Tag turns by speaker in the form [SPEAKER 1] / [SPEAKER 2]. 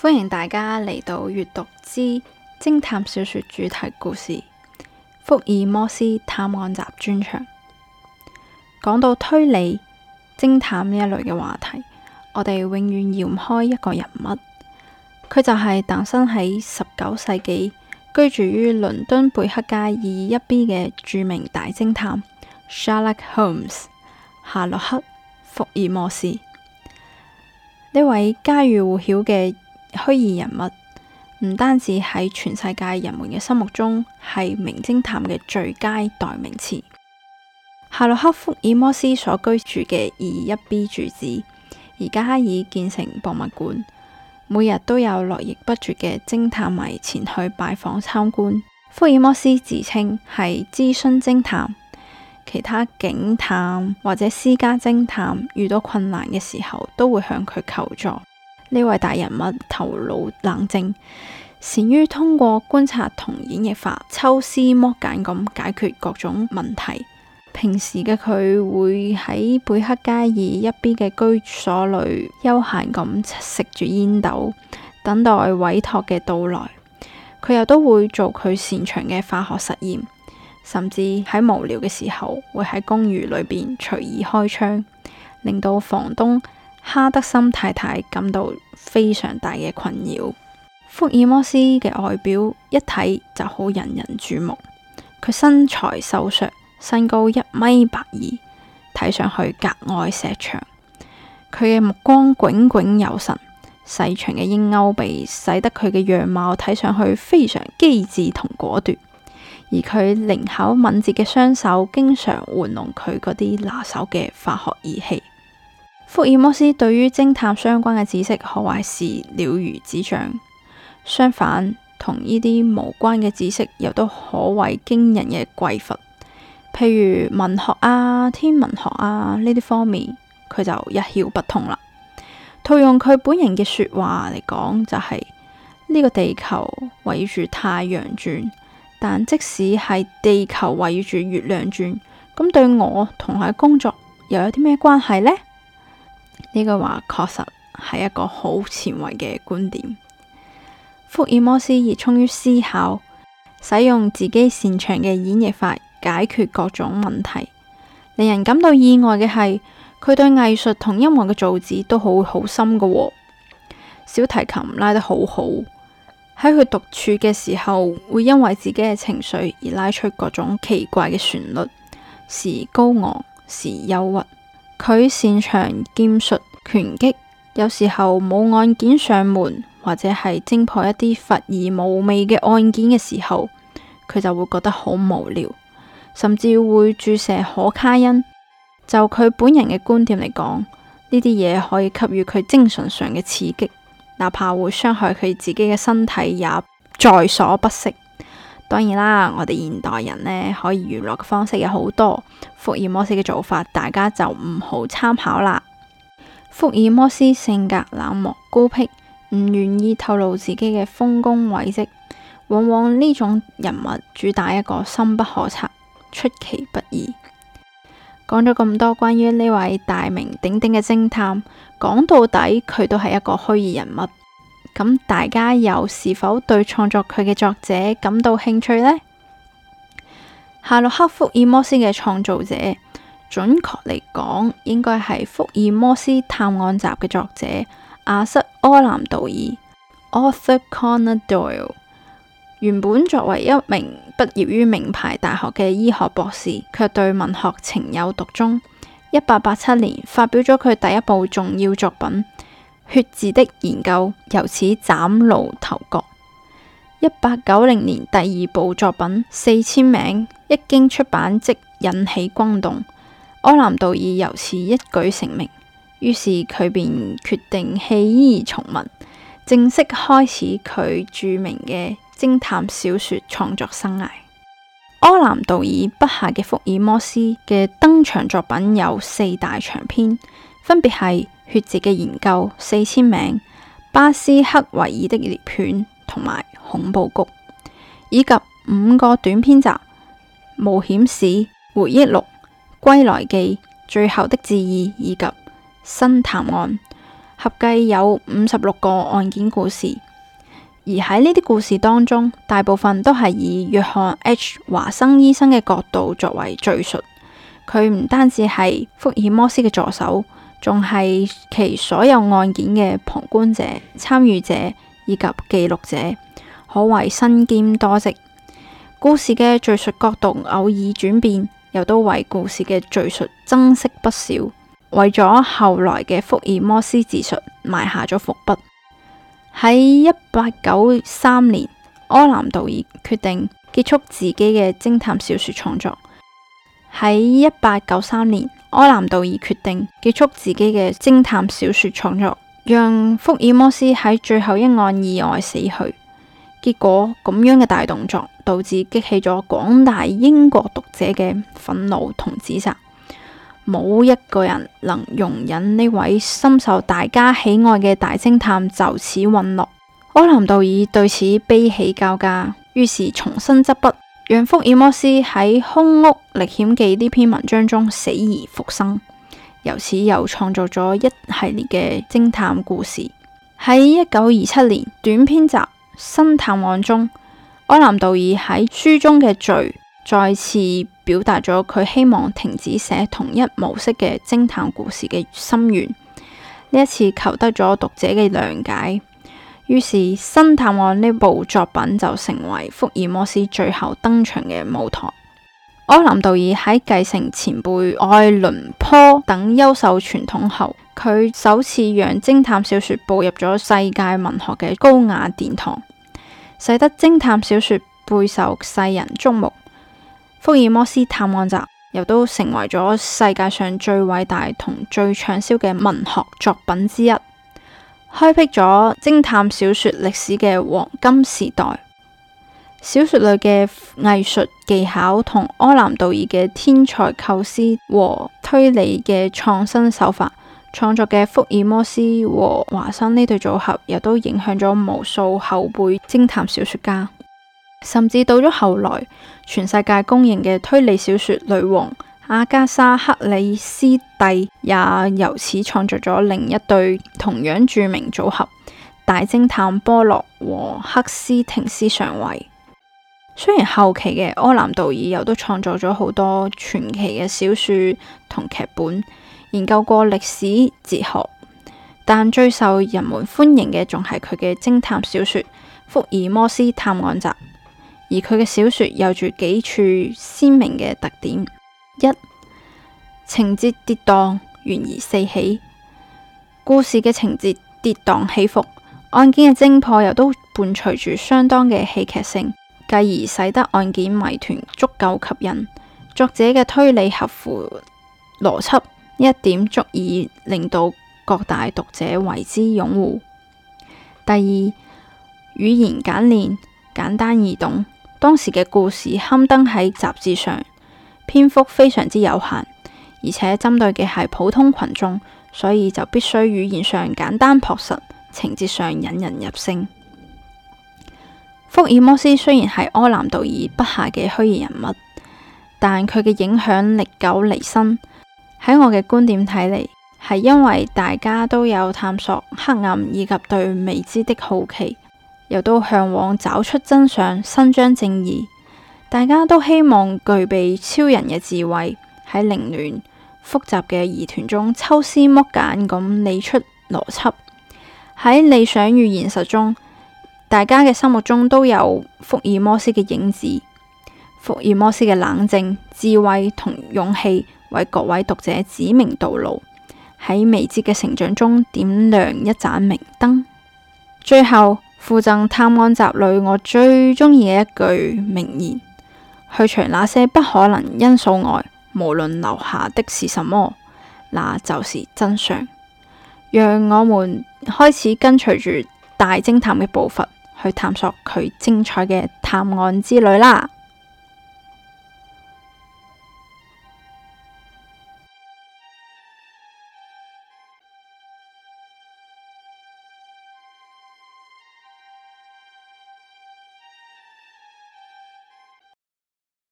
[SPEAKER 1] 歡迎大家嚟到粵讀之偵探小說主題故事《福爾摩斯探案集》專場。講到推理、偵探呢一類嘅話題，我哋永遠繞唔開一個人物，佢就係誕生喺十九世紀，居住於倫敦貝克街二一 B 嘅著名大偵探 Sherlock Holmes 夏洛克福爾摩斯呢位家喻戶曉嘅虛擬人物唔單止喺全世界人們嘅心目中係名偵探嘅最佳代名詞。夏洛克福爾摩斯所居住嘅二一 B 住址，而家已建成博物館，每日都有絡繹不絕嘅偵探迷前去拜訪參觀。福爾摩斯自稱係諮詢偵探，其他警探或者私家偵探遇到困難嘅時候，都會向佢求助。呢位大人物頭腦冷靜，善於通過觀察同演繹法抽絲剝繭咁解決各種問題。平時嘅佢會喺貝克街二一邊嘅居所裏悠閒咁食住煙斗，等待委託嘅到來。佢又都會做佢擅長嘅化學實驗，甚至喺無聊嘅時候會喺公寓裏邊隨意開槍，令到房東哈德森太太感到非常大嘅困擾。福爾摩斯嘅外表一睇就好引人注目。佢身材瘦削，身高一米八二，睇上去格外石長。佢嘅目光炯炯有神，細長嘅鷹鈎鼻使得佢嘅樣貌睇上去非常機智同果斷。而佢靈巧敏捷嘅雙手，經常玩弄佢嗰啲拿手嘅化學儀器。福爾摩斯對於偵探相關嘅知識可謂是了如指掌，相反，同呢啲無關嘅知識又都可謂驚人嘅匱乏，譬如文學啊、天文學啊呢啲方面，佢就一竅不通啦。套用佢本人嘅說話嚟講，就是，就係呢個地球圍住太陽轉，但即使係地球圍住月亮轉，咁對我同佢工作又有啲咩關係呢？」呢句話確實係一個好前衛嘅觀點。福爾摩斯熱衷於思考，使用自己擅長嘅演繹法解決各種問題。令人感到意外嘅係，佢對藝術同音樂嘅造詣都好好深嘅喔。小提琴拉得好好，喺佢獨處嘅時候，會因為自己嘅情緒而拉出各種奇怪嘅旋律，時高昂，時憂鬱。佢擅長劍術、拳擊，有時候冇案件上門或者係偵破一啲乏而無味嘅案件嘅時候，佢就會覺得好無聊，甚至會注射可卡因。就佢本人嘅觀點嚟講，呢啲嘢可以給予佢精神上嘅刺激，哪怕會傷害佢自己嘅身體，也在所不惜。當然啦，我哋現代人呢，可以娛樂嘅方式有好多，福爾摩斯嘅做法大家就唔好參考啦。福爾摩斯性格冷漠孤僻，唔願意透露自己嘅豐功偉績，往往呢種人物主打一個深不可測、出其不意。講咗咁多關於呢位大名鼎鼎嘅偵探，講到底佢都係一個虛擬人物。咁大家又是否對創作佢嘅作者感到興趣呢？夏洛克福爾摩斯嘅創作者，準確嚟講應該係福爾摩斯探案集嘅作者阿瑟柯南道爾 （Arthur Conan Doyle）。原本作為一名畢業於名牌大學嘅醫學博士，卻對文學情有獨鍾。一八八七年發表咗佢第一部重要作品。血字的研究由此嶄露頭角。一八九零年，第二部作品《四簽名》一經出版即引起轟動，柯南道爾由此一舉成名。於是佢便決定棄醫從文，正式開始佢著名嘅偵探小說創作生涯。柯南道爾筆下嘅福爾摩斯嘅登場作品有四大長篇，分別係：血字嘅研究、四簽名、巴斯克維爾的獵犬、同埋恐怖谷，以及五個短篇集《冒險史》、《回憶錄》、《歸來記》、《最後的致意》以及《新探案》，合計有五十六個案件故事。而喺呢啲故事當中，大部分都係以約翰 H 華生醫生嘅角度作為敘述。佢唔單止係福爾摩斯嘅助手。仲係其所有案件嘅旁觀者、參與者以及記錄者，可謂身兼多職。故事嘅敘述角度偶爾轉變，又都為故事嘅敘述增色不少，為咗後來嘅福爾摩斯自述埋下咗伏筆。喺一八九三年，柯南道爾決定結束自己嘅偵探小說創作。喺一八九三年。柯南道爾決定結束自己嘅偵探小說創作，讓福爾摩斯喺最後一案意外死去。結果，咁樣嘅大動作，導致激起咗廣大英國讀者嘅憤怒同指責。冇一個人能容忍呢位深受大家喜愛嘅大偵探就此隕落。柯南道爾對此悲喜交加，於是重新執筆。讓福爾摩斯喺《空屋歷險記》呢篇文章中死而復生，由此又創作咗一系列嘅偵探故事。喺一九二七年短篇集《新探案》中，柯南道爾喺書中嘅序再次表達咗佢希望停止寫同一模式嘅偵探故事嘅心願，呢一次求得咗讀者嘅諒解。於是《新探案》呢部作品就成為福爾摩斯最後登場嘅舞台。柯南道爾喺繼承前輩愛倫坡等優秀傳統後，佢首次讓偵探小說步入咗世界文學嘅高雅殿堂，使得偵探小說備受世人矚目。《福爾摩斯探案集》又都成為咗世界上最偉大同最暢銷嘅文學作品之一。開闢咗偵探小說歷史嘅黃金時代，小說類嘅藝術技巧同柯南道爾嘅天才構思和推理嘅創新手法，創作嘅福爾摩斯和華生呢對組合，又都影響咗無數後輩偵探小說家，甚至到咗後來，全世界公認嘅推理小說女王，阿加莎·克里斯蒂也由此創作咗另一對同樣著名組合，大偵探波洛和克斯廷斯上尉。雖然後期嘅柯南道爾又都創作咗好多傳奇嘅小說同劇本，研究過歷史哲學，但最受人們歡迎嘅仲係佢嘅偵探小說《福爾摩斯探案集》，而佢嘅小說有住幾處鮮明嘅特點。一情節跌宕，懸疑四起。故事嘅情節跌宕起伏，案件嘅偵破又都伴隨住相當嘅戲劇性，繼而使得案件謎團足夠吸引。作者嘅推理合乎邏輯，一點足以令到各大讀者為之擁護。第二，語言簡練，簡單易懂。當時嘅故事刊登喺雜誌上。篇幅非常之有限，而且針對嘅係普通群眾，所以就必須語言上簡單樸實，情節上引人入勝。福爾摩斯雖然係柯南道爾筆下嘅虛擬人物，但佢嘅影響歷久彌新。喺我嘅觀點睇嚟，係因為大家都有探索黑暗以及對未知的好奇，又都向往找出真相、伸張正義。大家都希望具備超人嘅智慧，喺凌亂複雜嘅疑團中抽絲剝繭咁理出邏輯。喺理想與現實中，大家嘅心目中都有福爾摩斯嘅影子。福爾摩斯嘅冷靜、智慧同勇氣為各位讀者指明道路，喺未知嘅成長中點亮一盞明燈。最後附贈《探案集》裏我最中意嘅一句名言。去除那些不可能因素外，無論留下的是什麼，那就是真相。讓我們開始跟隨住大偵探嘅步伐，去探索佢精彩嘅探案之旅啦！